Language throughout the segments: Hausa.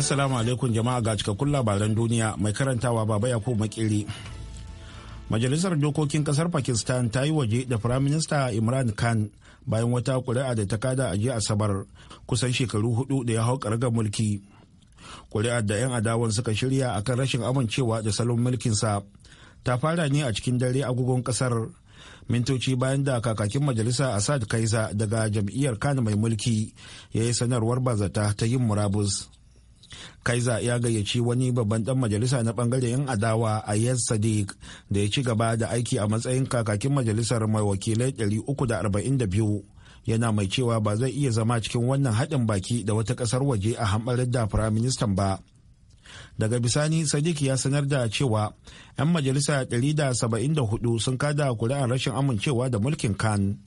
Assalamu alaikum jama'a ga cikakkun labaran duniya mai karantawa baba Yakubu Makiri. Majalisar dokokin kasar Pakistan ta yi waje da Firaminista Imran Khan bayan wata kuri'a da ta kada a jiya Asabar kusan shekaru hudu da ya hau karga mulki. Kuri'ar da 'yan adawan suka shirya akan rashin amincewa da salon mulkinsa ta fara ne a cikin dare agogon kasar mintoci bayan da kakakin majalisa Asad Kaisa daga jam'iyyar Khan mai mulki ya yi sanarwar bazata ta yin murabus. Kaiza ya gayyaci wani babban dan majalisa na bangare 'yan adawa a Yaz Sadiq da ya ci gaba da aiki a matsayin kakakin majalisar mai wakilai 342 yana mai cewa ba zai iya zama cikin wannan haɗin baki da wata ƙasar waje a hamɓarar da firaministan ba. daga bisani sadiq ya sanar da cewa 'yan majalisa 174 sun kada kuri'ar rashin amincewa da mulkin kan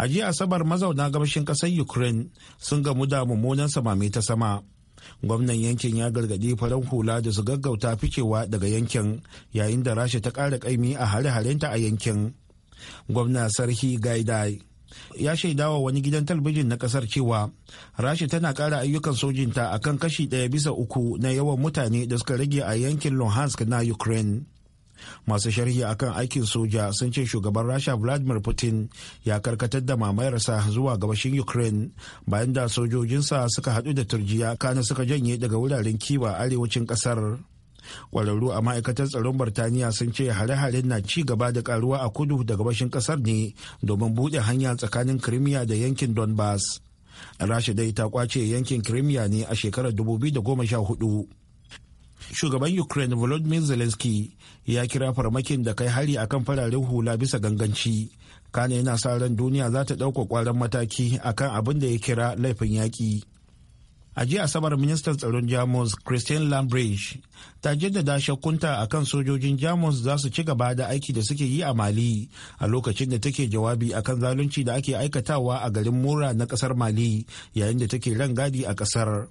a jiya asabar mazauna gabashin kasar ukraine sun gamu da mummunan samame ta sama gwamnan yankin ya gargaɗi farar hula da su gaggauta ficewa daga yankin yayin da rasha ta ƙara ƙaimi a hare-harenta a yankin gwamna sarki gaidai ya shaidawa wani gidan talbijin na kasar cewa rasha tana ƙara ayyukan sojinta a kan kashi ɗaya bisa uku na yawan mutane da suka rage a yankin luhansk na ukraine masu sharhi akan aikin soja sun ce shugaban rasha vladimir putin ya karkatar da mamayarsa zuwa gabashin ukraine bayan da sojojinsa suka hadu da turjiya kana suka janye daga wuraren kiwa arewacin kasar kwararru a ma'aikatar tsaron birtaniya sun ce hare-haren na ci gaba da karuwa a kudu da gabashin kasar ne domin buɗe hanya tsakanin kirimiya da yankin donbass rasha dai ta kwace yankin crimea ne a shekarar 2014 shugaban ukraine volodymyr zelensky ya kira farmakin da kai hari akan fararen hula bisa ganganci kane yana sa ran duniya za ta ɗauka ƙwaron mataki akan abin da ya kira laifin yaƙi a jiya asabar ministan tsaron jamus christian lambridge ta jaddada shakkunta akan sojojin jamus za su ci gaba da aiki da suke yi a mali a lokacin da take jawabi akan zalunci da ake aikatawa a garin mura na kasar mali yayin da take rangadi a kasar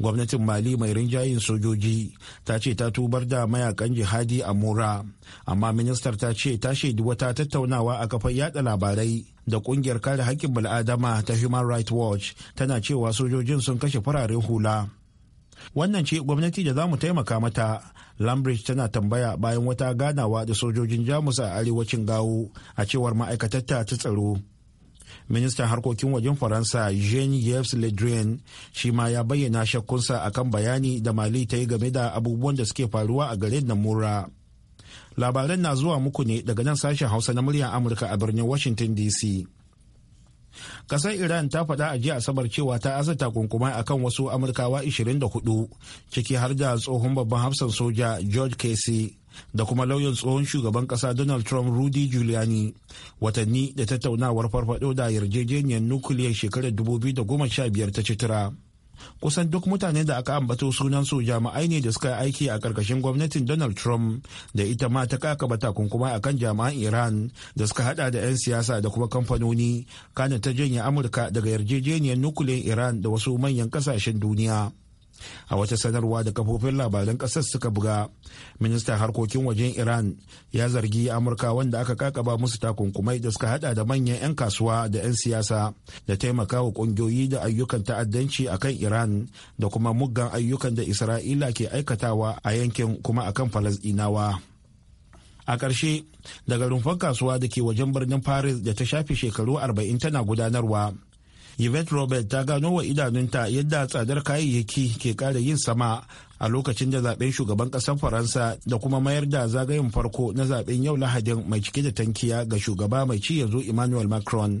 gwamnatin mali mai rinjayin sojoji ta ce ta tubar da mayakan jihadi a Mura amma ministar ta ce ta shaidi wata tattaunawa a kafar yada labarai da kungiyar kare hakkin bil'adama ta human rights watch tana cewa sojojin sun kashe fararen hula wannan ce gwamnati da za mu taimaka mata lambridge tana tambaya bayan wata ganawa da sojojin jamus a arewacin gawo a cewar ma'aikatarta ta tsaro ministan harkokin wajen faransa jean yves le drian shi ma ya bayyana shakkunsa akan bayani da mali ta yi game da abubuwan da suke faruwa a garin na mura labaran na zuwa muku ne daga nan sashen hausa na muryar amurka a birnin washington dc Kasar Iran ta faɗa a jiya Asabar cewa ta asa takunkumai akan wasu Amurkawa 24 ciki har da tsohon babban hafsan soja George Casey da kuma lauyan tsohon shugaban kasa donald trump rudy giuliani watanni da tattaunawar farfado da yarjejeniyar nukiliyar shekarar 2015 ta citira kusan duk mutane da aka ambato sunan su jami'ai ne da suka yi aiki a karkashin gwamnatin donald trump da ita ma ta kakaba takunkuma a kan jami'an iran da suka hada da 'yan siyasa da kuma kamfanoni kanin ta janye amurka daga yarjejeniyar nukiliyar iran da wasu manyan kasashen duniya a wata sanarwa da kafofin labaran ƙasar suka buga ministan harkokin wajen iran ya zargi amurka wanda aka kakaba musu takunkumai da suka hada da manyan 'yan kasuwa da 'yan siyasa da taimakawa kungiyoyi da ayyukan ta'addanci a kan iran da kuma muggan ayyukan da isra'ila ke aikatawa a yankin kuma akan falasdinawa a ƙarshe daga rumfar kasuwa da ke wajen birnin paris da ta shafe shekaru 40 tana gudanarwa yvette robert ta gano wa idanunta yadda tsadar kayayyaki ke kara yin sama a lokacin da zaben shugaban kasar faransa da kuma mayar da zagayen farko na zaben yau lahadin mai cike da tankiya ga shugaba mai ci yanzu emmanuel macron.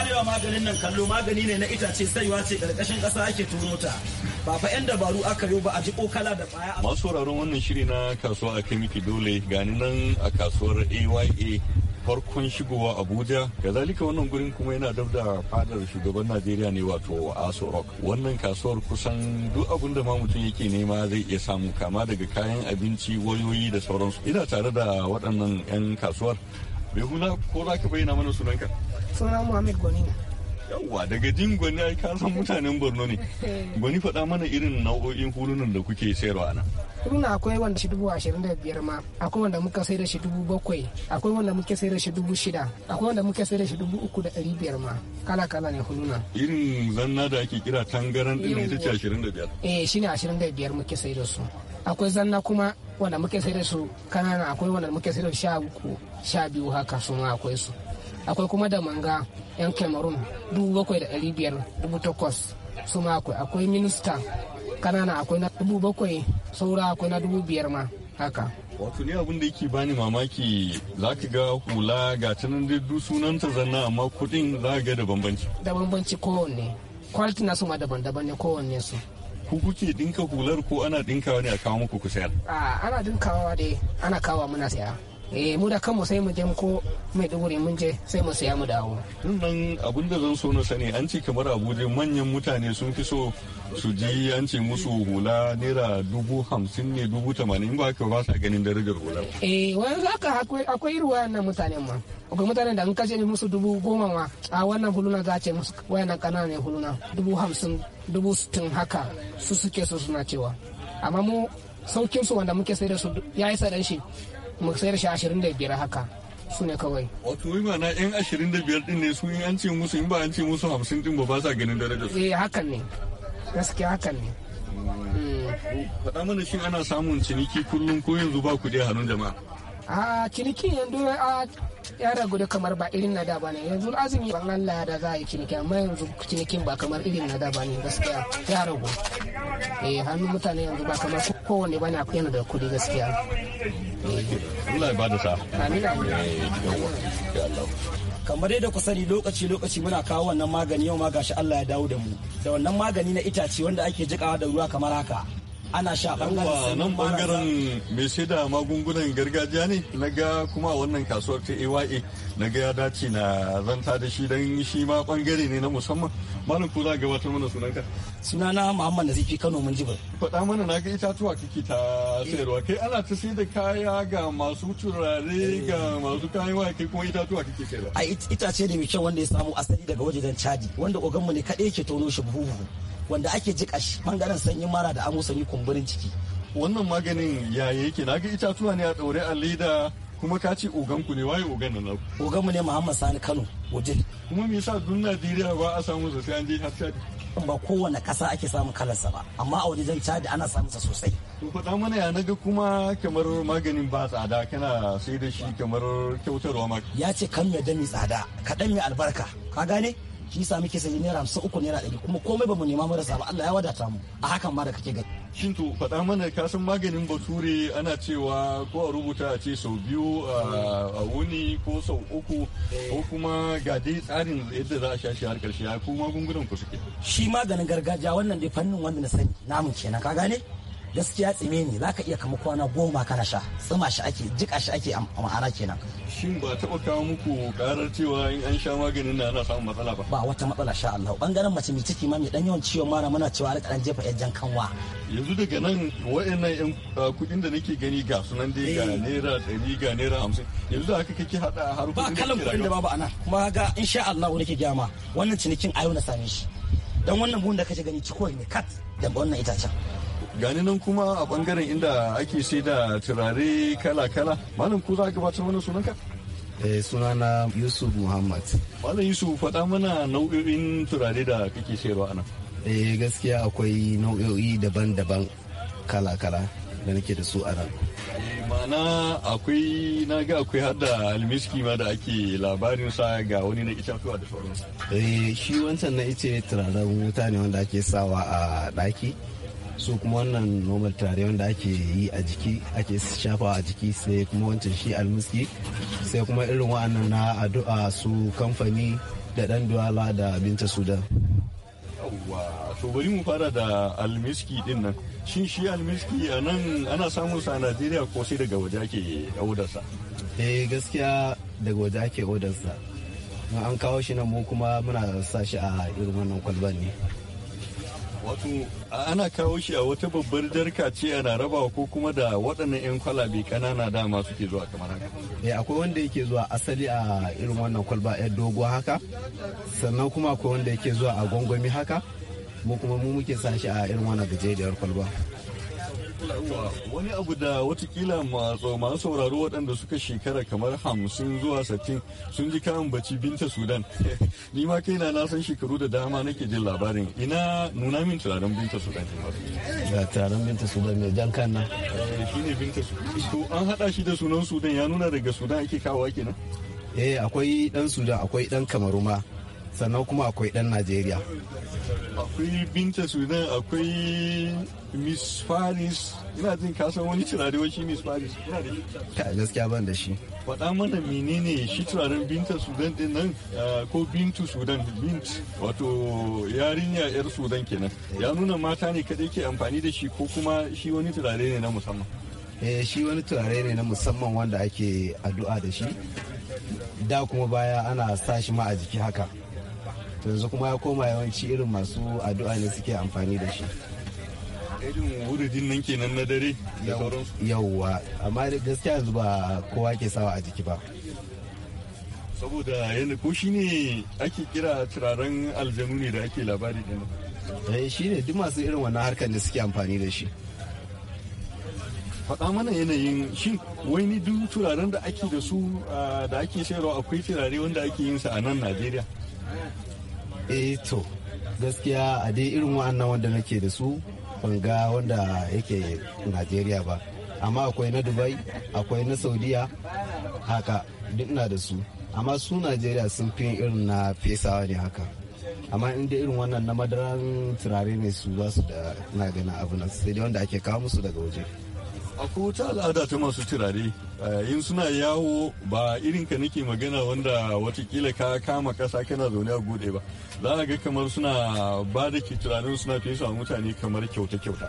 arewa maganin nan kallo magani ne na itace saiwa ce karkashin kasa ake turo ta ba fa yan dabaru aka yo ba a ji kokala da baya masu sauraron wannan shiri na kasuwa a miki dole gani nan a kasuwar AYA farkon shigowa abuja ga zalika wannan gurin kuma yana dab da fadar shugaban najeriya ne wato aso rock wannan kasuwar kusan duk abin da ma mutum yake nema zai iya samu kama daga kayan abinci wayoyi da sauransu ina tare da waɗannan 'yan kasuwar bai huna ko za ka bayyana mana sunanka suna muhammad gwani yawwa daga jin gwani ai san mutanen borno ne eh. gwani faɗa mana irin nau'o'in hulunan da kuke sayarwa nan huluna akwai wanda shi dubu ashirin da biyar ma akwai wanda muka sai da shi dubu bakwai akwai wanda muke sai da shi dubu shida akwai wanda muke sai da shi dubu uku da ɗari biyar ma kala kala ne huluna irin zanna da ake kira tangaran ɗin ne ta ce ashirin da biyar eh ne ashirin da biyar muke sai da su akwai zanna kuma wanda muke sai da su kanana akwai wanda muke sai da sha uku sha biyu haka su ma akwai su akwai kuma da manga yan cameroon dubu bakwai da ɗari biyar dubu takwas su ma akwai akwai minista kanana akwai na dubu bakwai saura akwai na dubu biyar ma haka wato ne abin da yake bani mamaki za ka ga hula ga canan da duk sunanta zanna amma kuɗin za ga da bambanci da bambanci kowanne kwaliti na su ma daban-daban ne kowanne su ku kuke dinka hular ko ana dinkawa ne a kawo muku kusa sayar? Ah, ana dinkawa dai ana kawo muna saya eh mu da kanmu sai mu je ko mai duguri mun je sai mu siya mu dawo nan abin da zan so na sani an ce kamar abuja manyan mutane sun fi so su ji an ce musu hula naira dubu hamsin ne dubu tamanin ba ka ba sa ganin darajar hula eh wani ka akwai ruwa nan mutanen ma akwai mutanen da in ni musu dubu goma ma a wannan huluna za ce musu wayannan ne huluna dubu hamsin dubu sittin haka su suke so suna cewa amma mu saukin su wanda muke sai da su ya yi sadan shi mu sayar shi ashirin da biyar haka su ne kawai. Wato yi mana yan ashirin da biyar din ne su in an ce musu in ba an ce musu hamsin din ba ba sa ganin darajar su. Eh hakan ne gaskiya hakan ne. Mm. Faɗa mana shi ana samun ciniki kullum ko yanzu ba kuɗi a hannun jama'a. a ciniki yanzu a ya ragu da kamar ba irin na da ba ne yanzu azumi ban Allah da za a yi ciniki amma yanzu cinikin ba kamar irin na da ba ne gaskiya ya ragu eh hannu mutane yanzu ba kamar kowane ba na yana da kudi gaskiya eh. Allah ya bada sa amin kamar yadda ku sani lokaci lokaci muna kawo wannan magani yau ma gashi Allah ya dawo da mu da wannan magani na itace wanda ake jikawa da ruwa kamar haka ana sha bangaren nan bangaren mai shaida magungunan gargajiya ne na ga kuma wannan kasuwar ta AYA na ga ya dace na zanta da shi don shi ma bangare ne na musamman malam ko za gabatar mana sunanka sunana Muhammad Nazifi Kano mun jibar faɗa mana na ga itatuwa kake ta sayarwa kai ana ta sai da kaya ga masu turare eh. ga masu kayan kai kuma itatuwa kake sayarwa a itace ne mai kyau wanda ya samu asali daga wajen caji wanda oganmu ne kaɗai ke tono shi buhu wanda ake jika shi bangaren sanyi mara da amo sanyi kumburin ciki wannan maganin ya yake na ga itatuwa ne a ɗaure a leda kuma ka ce oganku ne waye ogan nan naku ogan mu ne Muhammad Sani Kano Wudil kuma me yasa duk Najeriya ba a samu sosai an je har Chad ba kowane ƙasa ake samun kalarsa ba amma a wajen Chad ana samun sa sosai to faɗa mana ya naga kuma kamar maganin ba tsada kana sai da shi kamar kyautarwa ma ya ce kan me mi tsada ka dan mi albarka ka gane shi sami kisa yi naira hamsin uku naira ɗari kuma komai ba mu nema marasa ba Allah ya wadata mu a hakan ma da kake gani. Shin to faɗa mana kasan maganin bature ana cewa ko a rubuta a ce sau biyu a wuni ko sau uku ko eh. kuma ga dai tsarin yadda za a sha shi har ƙarshe ko magungunan ku suke. Shi maganin gargajiya wannan dai fannin wanda na sani namun kenan ka gane? gaskiya tsime ne zaka iya kama kwana goma kana sha tsima shi ake jika shi ake ma'ana kenan shin ba taba kawo muku karar cewa in an sha maganin na ana samun matsala ba ba wata matsala sha Allah bangaren mace mai ciki ma mai dan yawan ciwon mara muna cewa rika dan jefa yan kanwa yanzu daga nan wayannan yan kudin da nake gani ga sunan dai ga eh. naira dari ga naira hamsin yanzu haka kake hada har ba kalan kudin da babu ana kuma ga insha Allah nake ke ma wannan cinikin ayo na same shi dan wannan buhun da kake gani cikowar ne kat da wannan itacen gani nan kuma a bangaren inda ake sai da turare kala-kala malam ku za a gabatar mana sunanka eh na yusuf muhammad malam yusuf faɗa mana nau'o'in turare da kake sayarwa a nan eh gaskiya akwai nau'o'i daban-daban kala-kala da nake da su a nan eh, ma'ana akwai na ga akwai hada almiski ma da ake labarin sa ga wani na itatuwa da sauransu eh shi wancan na ice turaren wuta ne wanda ake sawa a daki su kuma wannan normal tare wanda ake yi a jiki ake shafa a jiki sai kuma wancan shi almuski sai kuma irin wa'annan na addu'a su kamfani da dan duwala da binta sudan yawwa to bari mu fara da almiski din nan shin shi almiski a nan ana samun sa a najeriya ko sai daga waje ake odarsa eh gaskiya daga waje ake odarsa an kawo shi nan mu kuma muna sa shi a irin wannan kwalban ne wato ana kawo shi a wata babbar darka ce ana rabawa ko kuma da waɗannan 'yan kwalabe ƙanana dama suke zuwa kamar haka eh, akwai wanda yake zuwa asali a irin wannan kwalba yar dogo haka sannan kuma akwai wanda yake zuwa a gwangwami haka mu kuma mu muke sa shi a irin wannan gajeriyar kwalba Wani abu da watakila masu sauraro waɗanda suka shekara kamar hamsin zuwa sattin sun ji kayan baci binta Sudan. Ni ma kaina na san shekaru da dama nake jin labarin. Ina nuna min turaren binta Sudan. Ga turaren binta Sudan mai jan kan nan. Eh, shi ne binta Sudan. To an haɗa shi da sunan Sudan ya nuna daga Sudan ake kawo kenan. Eh akwai dan Sudan akwai ɗan Kamaruma. sannan kuma akwai dan najeriya akwai binta sudan akwai miss faris ina jin kasan wani turare shi miss faris ta gaskiya ban da shi faɗa mana menene shi turaren binta sudan din nan ko bintu sudan bint wato yarinya yar sudan kenan ya nuna mata ne kaɗai ke amfani da shi ko kuma shi wani turare ne na musamman eh shi wani turare ne na musamman wanda ake addu'a da shi da kuma baya ana sa shi ma a jiki haka yanzu kuma ya koma yawanci irin masu addu'a ne suke amfani da shi irin wurudin nan kenan na dare da sauransu yawwa amma gaskiya yanzu ba kowa ke sawa a jiki ba saboda yadda ko shi ne ake kira turaren aljanu ne da ake labari din eh shi ne duk masu irin wannan harkar da suke amfani da shi faɗa mana yanayin shi wai ni duk turaren da ake da su ah, da ake sayarwa akwai turare wanda ake yin sa a nan najeriya eh to gaskiya a dai irin wa'annan wanda nake da su ban ga wanda yake najeriya ba amma akwai na dubai akwai na saudiya haka duk na da su amma su najeriya sun fi irin na fesawa ne haka amma inda irin wannan na madaran turare ne su ba su da na gana abu na sai dai wanda ake kawo musu daga waje akwai wata al'ada ta masu turare eh, in suna yawo ba irin ka nake magana wanda watakila ka kama kasa kana zaune a gode ba za a ga kamar suna ba da ke turaren suna fi a mutane kamar kyauta-kyauta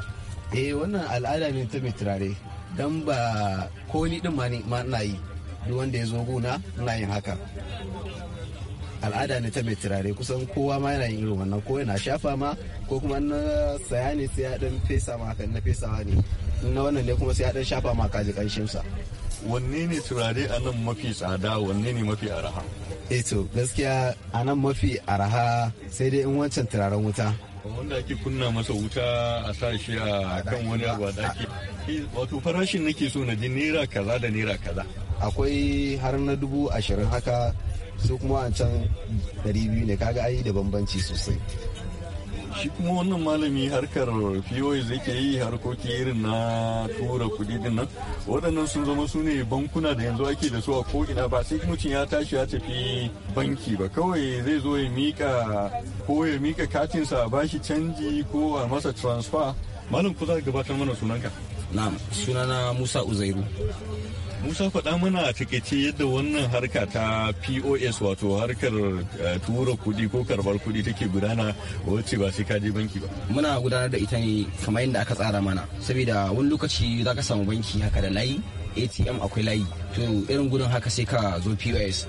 eh wannan al'ada ne ta mai turare don ba koli din ma na yi duk wanda ya zo gona na yin haka al'ada ne ta mai turare kusan kowa ma yana yin irin wannan ko yana shafa ma ko kuma na saya ne sai ya dan fesa ma haka na fesawa ne na wannan ne kuma sai ya dan shafa ma kaji kanshin sa wanne ne turare a nan mafi tsada wanne ne mafi araha eto eh gaskiya a nan mafi araha sai dai in wancan turaren wuta wanda ake kunna masa wuta a sa shi a kan wani abu a daki eh, wato farashin nake so na ji naira kaza da naira kaza akwai har na dubu ashirin haka su kuma a can dari biyu ne kaga ayi da bambanci sosai shi kuma wannan malami harkar zai ke yi harkoki irin na tura kudi din nan waɗannan sun zama su ne bankuna da yanzu ake da su a ko'ina ba sai mutum ya tashi ya tafi banki ba kawai zai zo ya mika ko ya mika katinsa a bashi canji ko a masa transfer malam ku za ka gabatar mana sunanka na sunana Musa Uzairu Musa faɗa mana takaice yadda wannan harka ta POS wato harkar eh, tura kuɗi ko karbar kuɗi take gudana wacce ba sai kaje banki ba. Muna gudanar da ita ne kamar yadda aka tsara mana saboda wani lokaci za ka samu banki haka da layi ATM akwai layi to irin gudun haka sai ka zo POS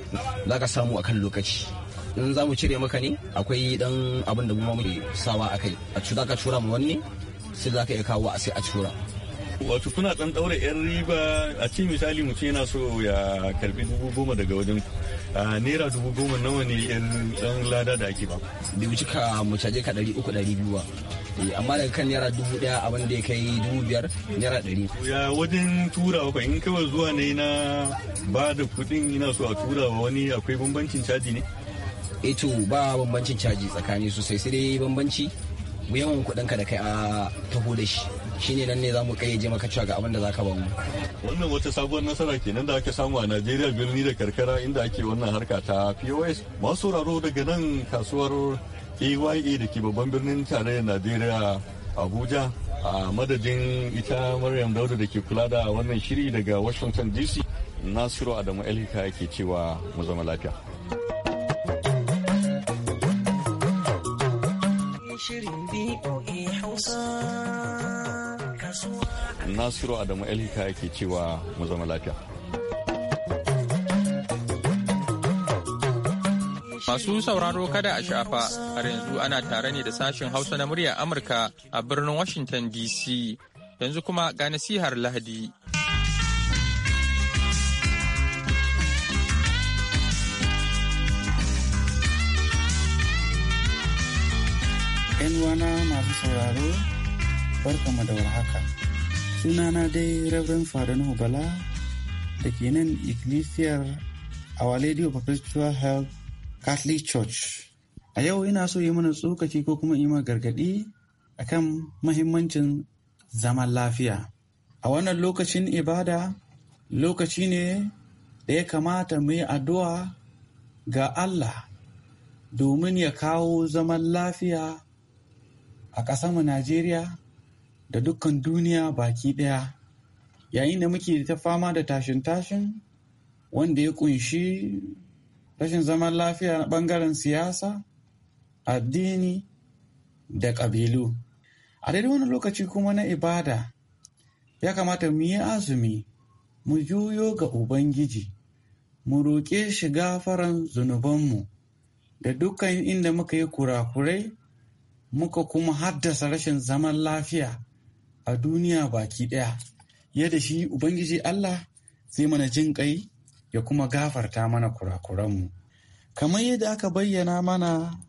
za ka samu akan lokaci. in za mu cire maka ne akwai dan abin da mu sawa a kai za ka tura mu wani sai za ka iya kawo a sai a tura wato kuna ɗan ɗaura 'yan riba a ce misali mutum yana so ya karbi dubu goma daga wajen naira dubu goma nawa ne 'yan ɗan lada da ake ba bai wuce ka mu caje ka ɗari uku ɗari biyu ba eh, amma daga kan naira dubu ɗaya abin da ya kai dubu biyar naira ɗari ya wajen turawa fa in kawai zuwa ne na ba da kuɗin ina so a turawa wani akwai bambancin caji ne eto eh ba bambancin caji tsakani sosai sai dai bambanci yawan ka da kai a taho da shi shine nan ne za mu kai je maka cewa ga abin da za ka ba wannan wata sabuwar nasara kenan da aka samu a Najeriya birni da karkara inda ake wannan harka ta POS masu sauraro daga nan kasuwar AYA da ke babban birnin tarayyar Najeriya Abuja a madadin ita Maryam Dauda da ke kula da wannan shiri daga Washington DC Nasiru Adamu Elika ke cewa mu zama lafiya. Shirin BOA Hausa. Nasiru Adamu Elhika yake cewa mu zama lafiya. Masu sauraro kada a shafa har yanzu ana tare ne da sashen Hausa na murya Amurka a birnin Washington DC. Yanzu kuma ga nasihar Lahadi. ‘Yan wana masu sauraro barkama da warhaka. Sunana dai Reverend Fadanu Bala da ke nan Iglesiyar Our Lady of Perpetual Health Catholic Church. A yau ina so yi mana tsokaci ko kuma yi mana a kan mahimmancin zaman lafiya. A wannan lokacin ibada lokaci ne da ya kamata mu yi addu'a ga Allah domin ya kawo zaman lafiya a ƙasarmu Najeriya da dukkan duniya baki ɗaya yayin da muke ta fama da tashin-tashin wanda ya kunshi rashin zaman lafiya na ɓangaren siyasa addini da ƙabilu a daidai wani lokaci kuma na ibada ya kamata mu yi azumi mu juyo ga ubangiji mu roƙe shi gafaran zunubanmu da dukkan inda muka yi kurakurai muka kuma haddasa rashin zaman lafiya a duniya baki ɗaya yadda shi ubangiji Allah zai mana jin ƙai ya kuma gafarta mana kurakuranmu kamar yadda aka bayyana mana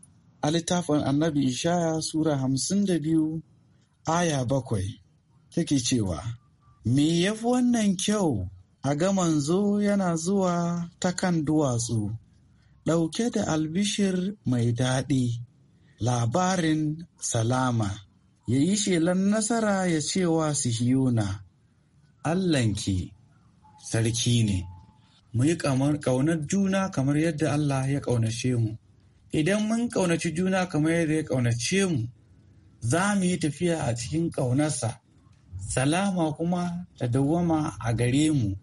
a littafin annabi ishaya sura hamsin da biyu aya bakwai take cewa me yafi wannan kyau a gaman zo yana zuwa ta kan duwatsu ɗauke da albishir mai daɗi labarin salama ya yi shelan nasara ya ce wa Sihiyona, Allahnki sarki ne, mu yi ƙaunar juna kamar yadda Allah ya ƙaunace mu. Idan mun ƙaunaci juna kamar yadda ya ƙaunace mu, za mu yi tafiya a cikin ƙaunarsa, salama kuma da dawwama a gare mu.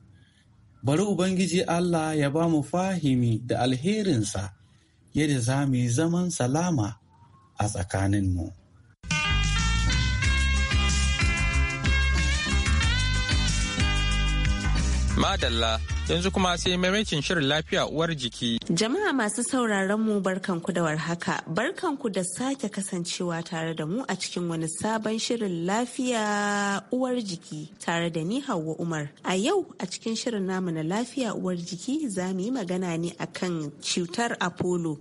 Bari Ubangiji Allah ya ba mu fahimi da alherinsa yadda za mu yi zaman salama a tsakaninmu. Madalla yanzu kuma sai maimakin shirin lafiya uwar jiki. Jama'a masu sauraron mu barkanku da warhaka. Barkanku da sake kasancewa tare da mu a cikin wani sabon shirin lafiya uwar jiki tare da ni Hauwa Umar. A yau a cikin shirin namu na lafiya uwar jiki za mu yi magana ne akan cutar Apollo.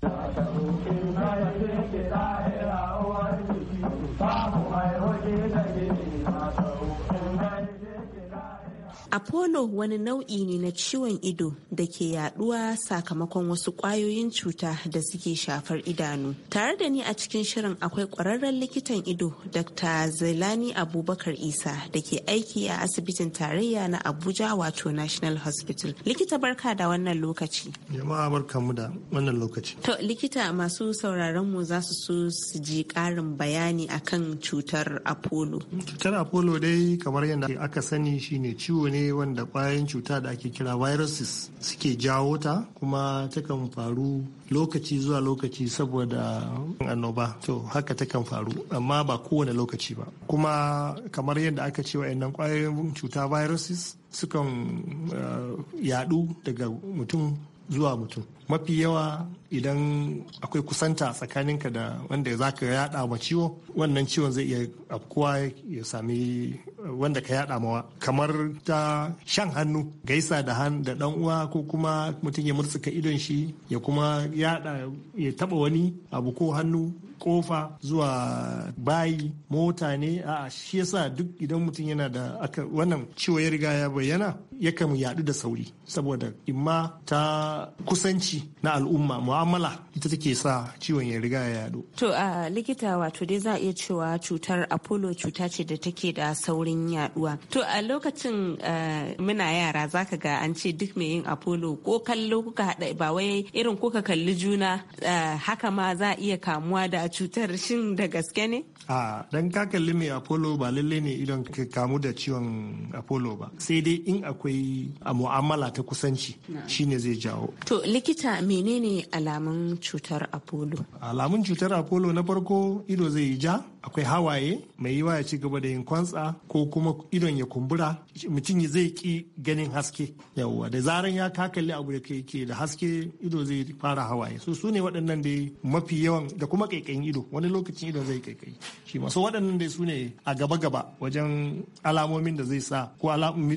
Apollo wani nau'i ne na ciwon ido da ke yaduwa sakamakon wasu kwayoyin cuta da suke shafar idanu. Tare da ni a cikin shirin akwai kwararren likitan ido Dr. zelani Abubakar Isa da ke aiki a asibitin tarayya na Abuja wato National Hospital. Likita barka da wannan lokaci. Jama'a barka mu da wannan lokaci. To likita masu sauraron mu za su so su ji karin bayani akan cutar Apollo. Cutar Apollo dai kamar yadda aka sani shine ciwo ne ne wanda kwayoyin cuta da ake kira viruses suke jawo ta kuma takan faru lokaci zuwa lokaci saboda annoba to haka takan faru amma ba kowane lokaci ba kuma kamar yadda aka ce wa'annan kwayoyin cuta viruses sukan eh, yadu daga mutum zuwa mutum mafi yawa idan akwai kusanta tsakaninka da wanda za ka yada ma ciwo wannan ciwon zai iya afkuwa ya sami wanda ka yada mawa kamar ta shan hannu gaisa da han da dan uwa ko kuma mutum ya murtsuka idon shi ya kuma yada ya taba wani abu ko hannu kofa zuwa bayi mota ne a shi yasa duk idan mutum yana da aka wannan ciwo ya riga ya bayyana ya kan yadu da sauri saboda imma ta kusanci na al'umma mu'amala ita take sa ciwon ya riga ya yadu. To a likita wato dai za a iya cewa cutar Apollo cuta ce da take da saurin yaduwa. To a lokacin eh, muna yara zaka ga an ce duk mai yin Apollo ko kallo kuka haɗa ba wai irin kuka kalli juna eh, haka ma za a iya kamuwa da cutar shin da gaske ne? A dan ka kalli mai Apollo ba lalle ne idan ka kamu da ciwon Apollo ba. Sai dai in akwai a mu'amala ta kusanci shi ne zai jawo. To likita menene alamun cutar Apollo? Alamun cutar Apollo na farko ido zai yi ja akwai hawaye mai yiwa ya ci gaba da yin kwantsa ko kuma idon ya kumbura mutum zai ki ganin haske yawwa da zaran ya kakalli abu da ke da haske ido zai fara hawaye so su ne waɗannan da mafi yawan da kuma ƙaiƙayin ido wani lokacin ido zai kaikayi shi ma so waɗannan dai su ne a gaba gaba wajen alamomin da zai sa ko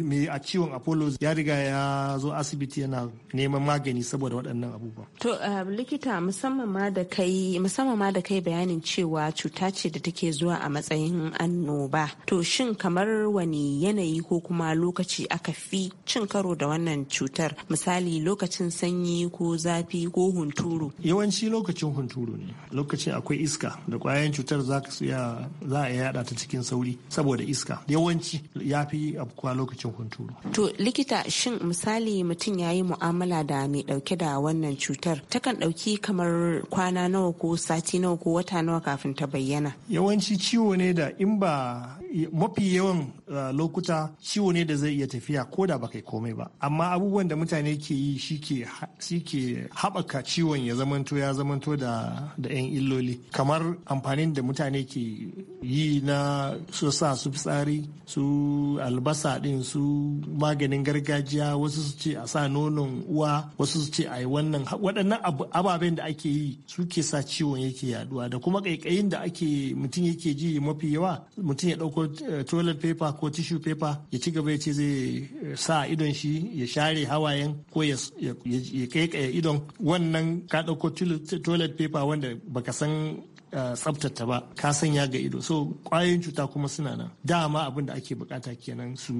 me a ciwon apollo ya riga ya zo asibiti yana neman magani saboda waɗannan abubuwa to um, likita musamman ma da kai musamman ma da kai bayanin cewa cuta ce da take zuwa a matsayin annoba to shin kamar wani yanayi ko kuma lokaci aka fi cin karo da wannan cutar misali lokacin sanyi ko zafi ko hunturu yawanci lokacin hunturu ne lokacin akwai iska da kwayan cutar za ka iya za a yada ta cikin sauri saboda iska yawanci ya fi afkuwa lokacin hunturu. To likita shin misali mutum ya yi mu'amala da mai dauke da wannan cutar takan dauki kamar kwana nawa ko sati nawa ko wata nawa kafin ta bayyana. Yawanci ciwo ne da in ba mafi yawan uh, lokuta ciwo ne da zai iya tafiya ko da ba kai komai ba amma abubuwan da mutane ke yi shi ke haɓaka ciwon ya zamanto ya zamanto da da 'yan illoli kamar amfanin da mutane ke yi na su sa su fitsari su albasa din su maganin gargajiya wasu su ce a sa nonon uwa wasu su ce a yi wannan waɗannan ababen da ake yi suke sa ciwon yake yaduwa da kuma ƙaiƙayin da ake mutum yake ji mafi yawa mutum ya ɗauko Eh, toilet paper ko tissue paper ya ci gaba ya ce zai eh, sa idon shi ya share hawayen ko ya kai idon wannan ka ɗauko toilet paper wanda baka san tsaftata ba ka sanya ga ido so kwayoyin cuta kuma suna nan dama abin da ake bukata kenan su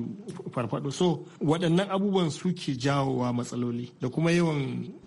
farfado so waɗannan abubuwan suke jawowa matsaloli da kuma yawan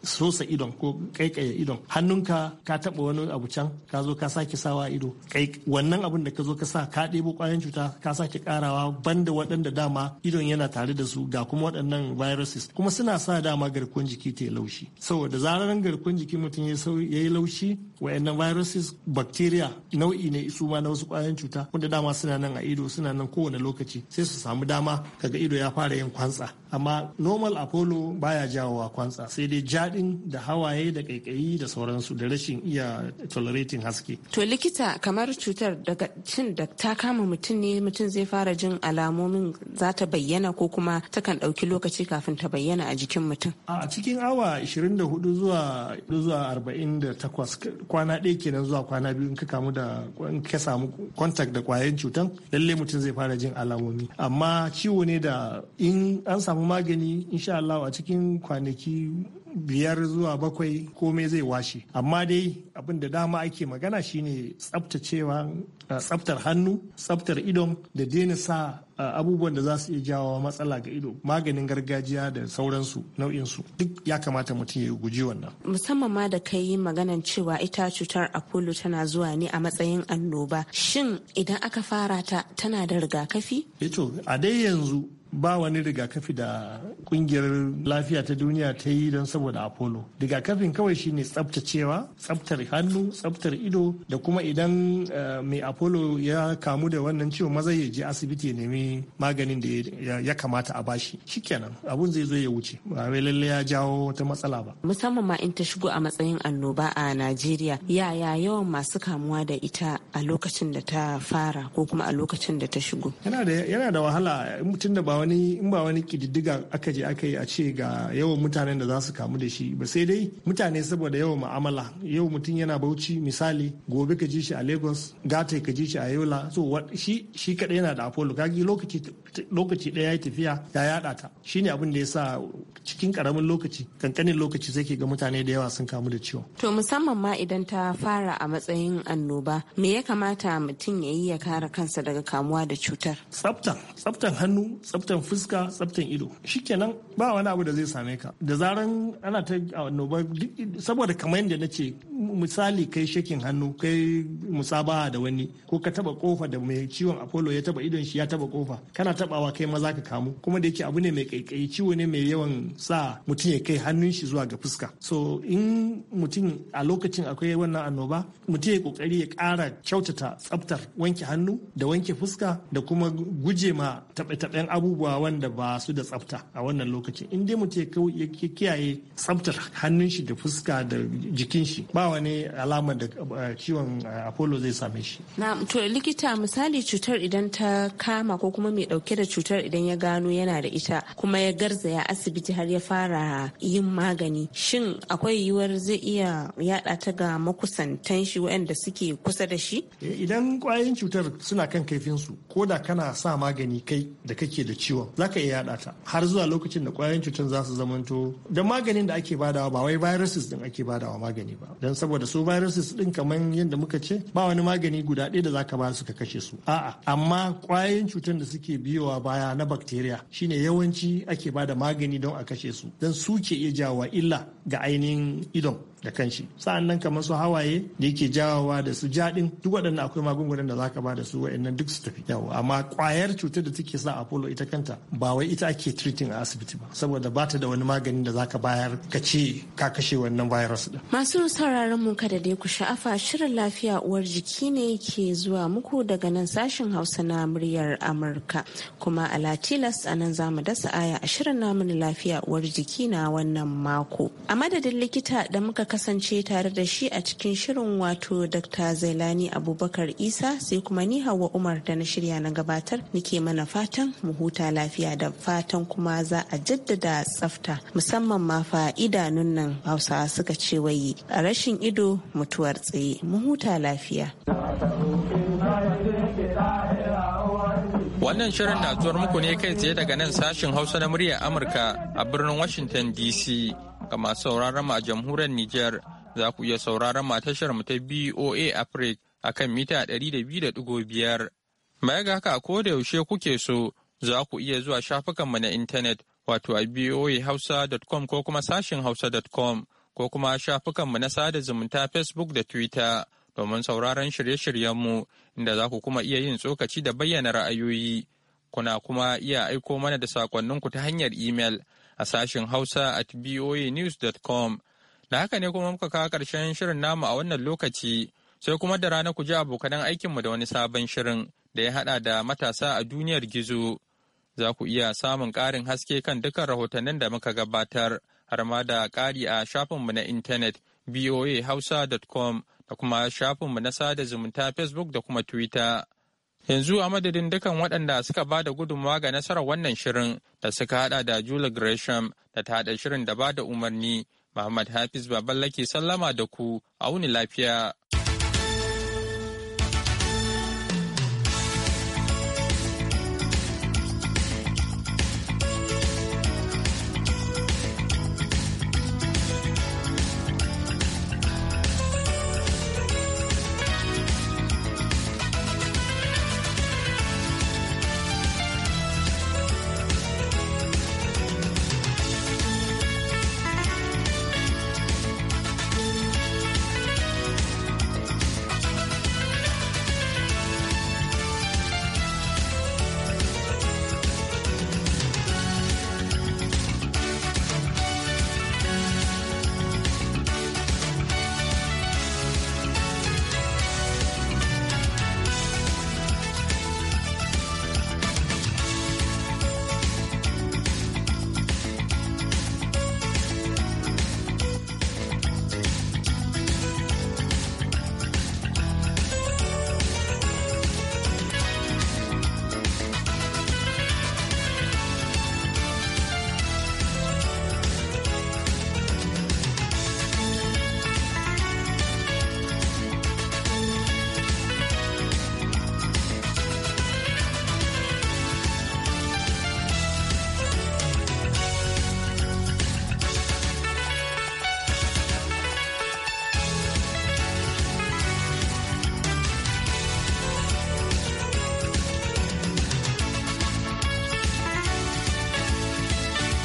sosa idon ko kaikaye idon hannunka ka taɓa wani abu can ka zo ka sake sawa ido kai wannan abin da ka zo ka sa ka ɗebo kwayoyin cuta ka sake karawa banda waɗanda dama idon yana tare da su ga kuma waɗannan viruses kuma suna sa dama garkuwar jiki ta yi laushi saboda zarar garkuwar jiki mutum ya yi laushi wayannan viruses bacteria nau'i ne su ma na wasu kwayoyin cuta wanda dama suna nan a ido suna nan kowane lokaci sai su samu dama kaga ido ya fara yin kwantsa amma normal apollo baya jawowa kwantsa sai dai jaɗin da hawaye da ƙaiƙayi da sauransu da rashin iya tolerating haske to likita kamar cutar daga cin da ta kama mutum ne mutum zai fara jin alamomin za ta bayyana ko kuma takan ɗauki lokaci kafin ta bayyana a jikin mutum a cikin awa 24 zuwa 48 kwana ɗaya kenan zuwa kwana biyu in ka kamu da in ka samu contact da kwayan cutan lalle mutum zai fara jin alamomi amma ciwo ne da in an samu magani insha Allah a cikin kwanaki biyar zuwa bakwai komai zai washe amma dai abin da dama ake magana shine tsaftacewa tsaftar hannu tsaftar idon da daina sa abubuwan da za su iya jawo matsala ga ido maganin gargajiya da sauransu nau'insu duk ya kamata mutum ya guji wannan musamman ma da kai maganan cewa ita cutar apollo tana zuwa ne a matsayin annoba shin idan aka fara ta tana da rigakafi? Ito eh a dai yanzu ba wani rigakafi da kungiyar lafiya ta duniya ta yi don saboda apollo rigakafin kawai shine tsabtacewa tsabtar hannu tsabtar ido da kuma idan eh, mai apollo ya kamu da wannan ciwon maza ya je asibiti ya nemi maganin da ya kamata a bashi shikenan abun zai zo ya wuce ba wai lalle ya jawo wata matsala ba musamman ma in ta shigo a matsayin annoba a najeriya yaya yawan masu kamuwa da ita a lokacin da ta fara ko kuma a lokacin da ta shigo yana da wahala mutum da ba wani in ba wani kididdiga aka je aka yi a ce ga yawan mutanen da za su kamu da shi ba sai dai mutane saboda yawan mu'amala yau mutum yana bauchi misali gobe ka ji shi a lagos gata ka ji shi a yola so shi shi kadai yana da apollo kagi lokaci lokaci daya ya tafiya ya yada ta shine abin da ya sa cikin karamin lokaci kankanin lokaci sai ke ga mutane da yawa sun kamu da ciwon to musamman ma idan ta fara a matsayin annoba me ya kamata mutum ya yi ya kare kansa daga kamuwa da cutar tsaftan tsaftan hannu tsaftan tsaftan fuska tsaftan ido shikenan ba wani abu da zai same ka da zaran ana ta annoba saboda kamar yadda na ce misali kai shakin hannu kai musabaha da wani ko ka taba kofa da mai ciwon apollo ya taba idon shi ya taba kofa kana tabawa kai maza ka kamu kuma da yake abu ne mai kaikayi ciwo ne mai yawan sa mutum ya kai hannun shi zuwa ga fuska so in mutum a lokacin akwai wannan annoba mutum ya kokari ya kara kyautata tsaftar wanke hannu da wanke fuska da kuma guje ma taɓe-taɓen abubuwa abubuwa wanda ba su da tsafta a wannan lokacin in dai mutum ya kiyaye tsaftar hannun shi da fuska da jikin shi ba wani alama da eh, ciwon eh, apollo zai same shi na to likita misali cutar idan ta kama ko kuma mai dauke da cutar idan ya gano yana da ita kuma ya garzaya asibiti har ya fara yin magani shin akwai yiwuwar zai iya yada ta ga makusantan shi waɗanda suke kusa da shi eh, idan kwayoyin cutar suna kan kaifin su ko da kana sa magani kai da kake da ciwon zaka iya yada ta har zuwa lokacin da kwayoyin cutar za su zamanto da maganin da ake badawa ba wai viruses din ake badawa magani ba don saboda su viruses din kamar yadda muka ce ba wani magani guda ɗaya da zaka ba su ka kashe su a'a amma kwayoyin cutar da suke biyowa baya na bacteria shine yawanci ake bada magani don a kashe su don su ke iya jawo illa ga ainihin idon da kanshi sa'an nan kamar su hawaye da yake jawawa da su jaɗin duk waɗannan akwai magungunan da za ka ba da su wa'annan duk su tafi yawa amma kwayar cutar da take sa apollo ita kanta ba wai ita ake treating a asibiti ba saboda ba ta da wani maganin da za ka bayar ka ce ka kashe wannan virus din masu sauraron mu kada dai ku sha'afa shirin lafiya uwar jiki ne ke zuwa muku daga nan sashen hausa na muryar amurka kuma a latilas a nan Zamu mu dasa aya a shirin namun lafiya uwar jiki na wannan mako a madadin likita da muka kasance tare da shi a cikin shirin wato Dr. Zailani Abubakar Isa sai kuma ni Hauwa Umar da na shirya na gabatar nike mana fatan mu huta lafiya da fatan kuma za a jaddada tsafta musamman ma fa idanun nan Hausawa suka ce wai a rashin ido mutuwar tsaye mu huta lafiya. Wannan shirin na muku ne kai tsaye daga nan sashin Hausa na muryar Amurka a birnin Washington DC. Ga masu sauraron mu a jamhuriyar Nijar za ku iya sauraron mu a tashar mu ta BOA Africa a kan mita 200.5. Baya ga haka ko da yaushe kuke so za ku iya zuwa shafukan mu na intanet wato a boahausa.com ko kuma sashin hausa.com ko kuma shafukan mu na sada zumunta Facebook da Twitter domin sauraron shirye shiryen mu inda za ku kuma iya yin tsokaci da bayyana ra'ayoyi. Kuna kuma iya aiko mana da sakonninku ta hanyar imel a sashen Hausa at voanews.com. Da haka ne kuma muka kawo ƙarshen shirin namu a wannan lokaci, sai kuma da rana ku ji abokanan aikinmu da wani sabon shirin da ya haɗa da matasa a duniyar gizo. Za ku iya samun ƙarin haske kan dukkan rahotannin da muka gabatar, har ma da kari a shafinmu na intanet voahausa.com da kuma shafinmu na sada zumunta Facebook da kuma Twitter. Yanzu a madadin dukan waɗanda suka ba da gudunmawa ga nasarar wannan shirin da suka haɗa da jula Gresham da ta haɗa shirin da ba da umarni, Muhammad Hafiz Baballake sallama da ku, auni lafiya.